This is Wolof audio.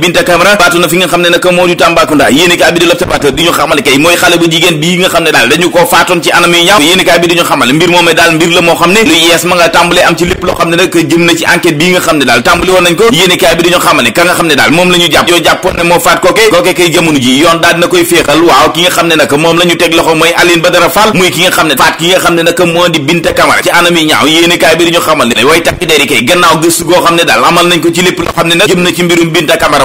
Binta Camara faatu na fi nga xam ne nag moom la teg loxo mooy Aline Badara Fall muy ki nga xam ne faat ki nga xam ne nag moo di Binta Camara ci anam yu ñaaw yéeni bi di ñu xamal ne way takk deri kay gannaaw gëstu goo xam ne daal amal nañ ko ci lépp loo xam ne nag jëm na ci mbirum Binta Camara